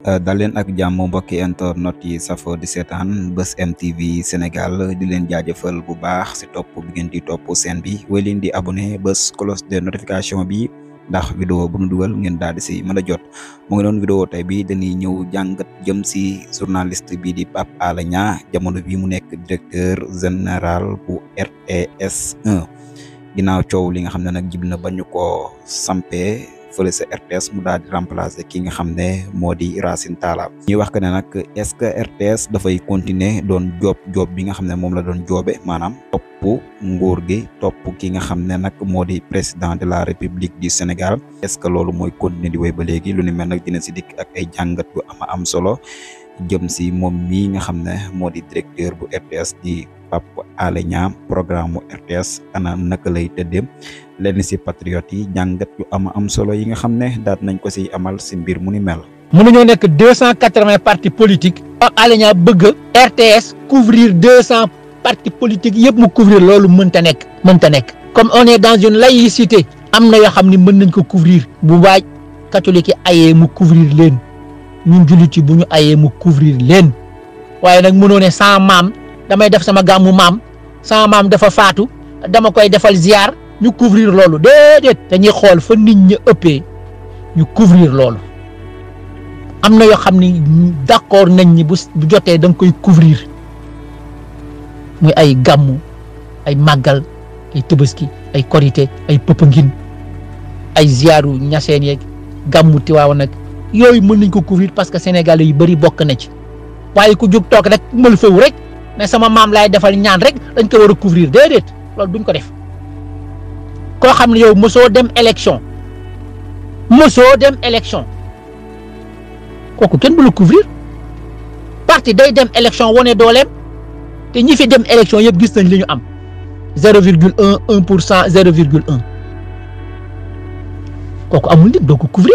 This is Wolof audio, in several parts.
Eh, dalen ak jamm mbokki internet yi safo di seetaan bus MTV Senegal di len jajeufal bu baax ci top bi ngeen di top sen bi way di abonné bus cloche de notification bi ndax video bu nu ngeen dal di si jot mo ngi don video tay bi dañi ñew jangat jëm si journaliste bi di pap alanya jamono bi mu nek directeur general bu RTS 1 S. ciow li nga xamne nak jibna bañu ko sampé fële sa RTS mu daal di remplacer ki nga xam ne moo di Racine Talla ñuy wax que ne nag est-ce que RTS dafay continuer doon joob joob bi nga xam ne moom la doon joobe maanaam topp nguur gi topp ki nga xam ne nag moo di président de la République di Sénégal est-ce que loolu mooy continuer di wéy ba léegi lu ne mel nag dina si dikk ak ay jàngat yu ama am solo jëm si moom mii nga xam ne moo di directeur bu RTS di Pape Alé Niang programme mu RTS ana naka lay tëddee lenn si patriotes yi jàngat yu ama am solo yi nga xam ne daat nañ ko si amal si mbir mu ni mel. mënuñoo nekk deux cent quatre-vingts partis politiques. Pape bëgg RTS couvrir deux cent partis politiques yëpp mu couvrir loolu mënta nekk mënta nekk. comme on est dans une laïcité am na yoo xam ni mën nañ ko couvrir bu baaj catholique yi ayee mu couvrir leen. ñun jullit yi bu ñu ayee mu couvrir leen waaye nag mënoo ne sama maam damay def sama gàmmu maam sama dafa faatu dama koy defal ziar ñu couvrir loolu déedéet dañuy xool fa nit ñi ëppee ñu couvrir loolu am na yoo xam ni d'accord nañ ñi bu jotee da koy couvrir muy ay gàmmu ay màggal ay tëbaski ay korité ay pëpangin ay ziaru ñaseen yeeg gàmmu tiwaaw nag yooyu mën nañ ko couvrir parce que sénégalais yu bëri bokk na ci waaye ku jóg toog rek mël fëwu rek mais sama maam lay defal ñaan rek dañ ko war a couvrir déedéet loolu duñ ko def koo xam ne yow mosoo dem élection mosoo dem élection kooku kenn bu la couvrir parti day dem élection wane dooleem te ñi fi dem élection yëpp gis nañ li ñu am zéro virgule un un pour cent zéro virgule un kooku amul nit doo ko couvrir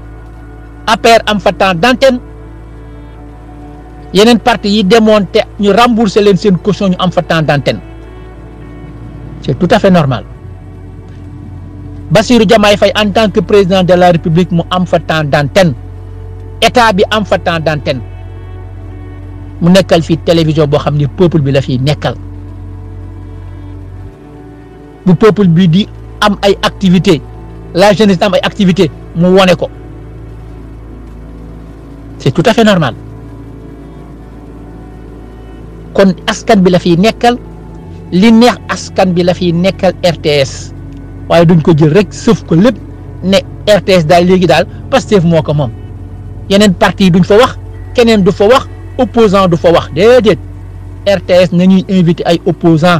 APR am fa temps d'antenne yeneen parti yi partie qui ñu rembourser leen sen caution ñu am fa d'antenne c'est tout à fait normal Bassirou Diomaye Faye en tant que président de la République mu am fa d'antenne état bi am fa temps d'antenne mu nekkal fi télévision pour que le peuple bi la fi nekkal bu peuple bi di am ay activités la jeunesse am ay activités mu woné ko c'est tout à fait normal kon askan bi la fi nekkal li neex askan bi la fi nekkal RTS waaye duñ ko jël rek sëf ko lépp ne RTS daal léegi daal Pastef moo ko moom yeneen parti duñ fa wax keneen du fa wax opposant du fa wax déedéet RTS nañuy invité ay opposant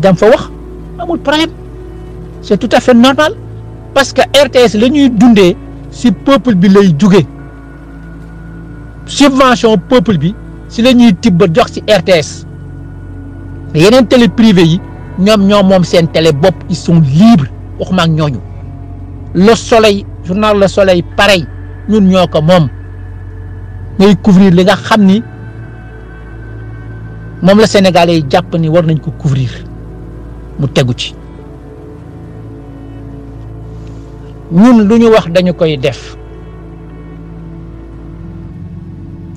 dam fa wax amul problème c'est tout à fait normal parce que RTS la ñuy dundee ci peuple bi lay subvention peuple bi si lañuy ñuy tibb jox RTS yeneen télé privé yi ñoom ñoo moom télé ils sont libres le soleil journal le soleil pareil ñun ñoo ko ngay couvrir li nga xam ni la sénégalais yi jàpp ni war ko couvrir mu ci ñun wax dañu koy def.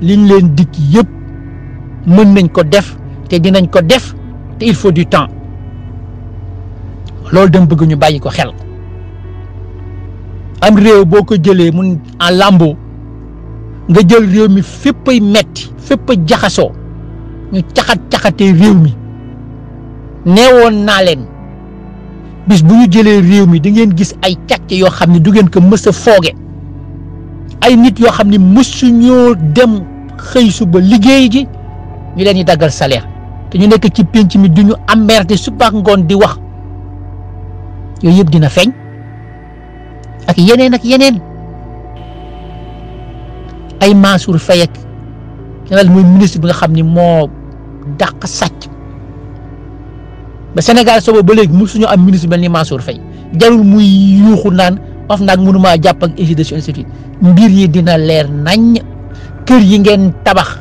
liñ leen dikk yëpp mën nañ ko def te dinañ ko def te il faut du temps loolu dama bëgg ñu bàyyi ko xel am réew boo ko jëlee mun en lambeau nga jël réew mi fépp ay metti fépp ay jaxasoo ñu caxat caxatee réew mi neewoon naa leen bis bu ñu jëlee réew mi di ngeen gis ay càcc yoo xam ne du ngeen ko mës fooge ay nit yoo xam ne dem xëy suba liggéey ji ñu leen di daggal salaire te ñu nekk ci mi duñu amerte suba ngoon di wax yooyu yëpp dina feeñ ak yeneen ak yeneen ay Mansour Faye ak ñaareel mooy ministre bi nga xam ni moo dàq sàcc ba Sénégal sooba ba léegi am ministre mel Mansour fay jarul muy yuuxu naan parce que nag mënuma jàpp ak ainsi de suite ainsi de suite mbir yi dina leer nañ kër yi ngeen tabax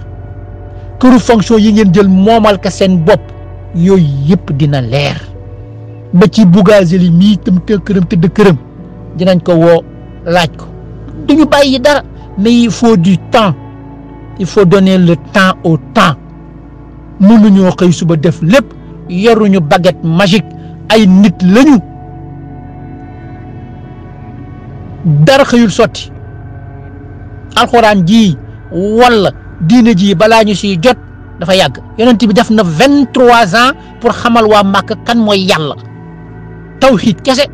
këru fonction yi ngeen jël moomal ka seen bopp yooyu yëpp dina leer ba ci Bougazelli mii tam te këram tëdd këram dinañ ko woo laaj ko duñu bàyyi dara mais il faut du temps il faut donner le temps au temps mënuñoo xëy suba def lépp yoruñu baguette magique ay nit lañu dara xeyul soti alquran ji wala diine ji bala ñu ci jot dafa yag yonent bi def na 23 ans pour xamal wa màkk kan moy yalla tawhid kesse kese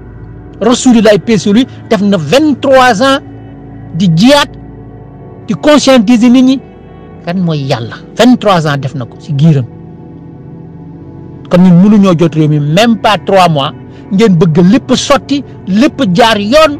rasulillahi peesuli def na 23 ans di jiyaat di conscientiser nit ñi kan moy yalla 23 ans def nako ci giiram kon ñun mënu ñoo jot réew mi même pas 3 mois ngeen bëgg lepp soti lepp jaar yoon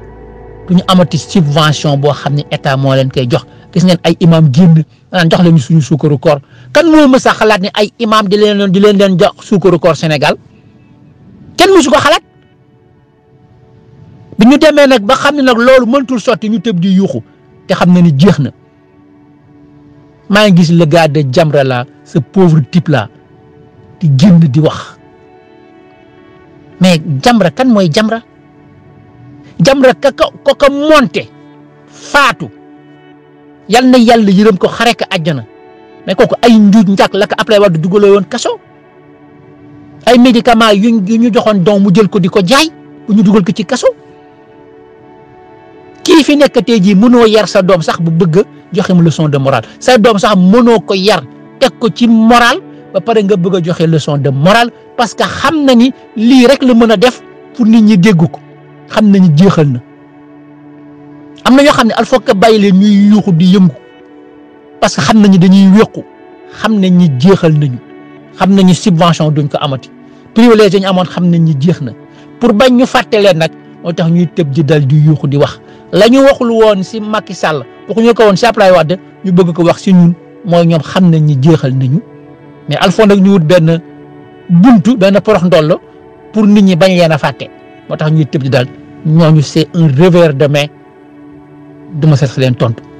du ñu amati subvention boo xam ne état moo leen koy jox gis ngeen ay imam génn naan jox leen suñu suukaru koor kan moo ma a xalaat ni ay imam di leen di leen leen jox suukaru koor Sénégal kenn mësu ko xalaat bu ñu demee nag ba xam ne nag loolu mëntul sotti ñu tëb di yuuxu te xam na ni jeex na maa ngi gis le gars de Jamra la ce pauvre type là di génn di wax mais Jamra kan mooy jambra Jamra ka ka ko ka monte faatu yal na yàlla yërëm ko xare ka àjjana mais kooku ay njuuj njàkk la ko après war di dugaloo woon kaso ay médicaments yu ñu joxoon don mu jël ko di ko jaay bu ñu dugal ko ci kaso kii fi nekk tey jii mënoo yar sa doom sax bu bëgg joxe mu leçon de morale sa doom sax mënoo ko yar teg ko ci morale ba pare nga bëgg a joxe leçon de morale parce que xam na ni lii rek la mën a def pour nit ñi dégg ko. xam nañu jeexal na am na ñoo xam ne il faut leen ñuy yuuxu di yëngu parce que xam nañu dañuy wéqu xam nañ ñi jeexal nañu xam nañu subvention duñ ko amati privilège ñu amoon xam nañ ñi jeex na pour bañ ñu fàtte leen nag moo tax ñuy tëb di dal di yuuxu di wax la ñu waxul woon si Macky Sall waxuñu ko woon si Abdoulaye de ñu bëgg ko wax si ñun mooy ñoom xam nañ ñi jeexal nañu mais alfond nag ñu wut benn buntu benn porox ndoll pour nit ñi bañ leen a fàtte moo tax ñuy tëb di dal ñooñu c'est un revers de main du ma sax leen tontu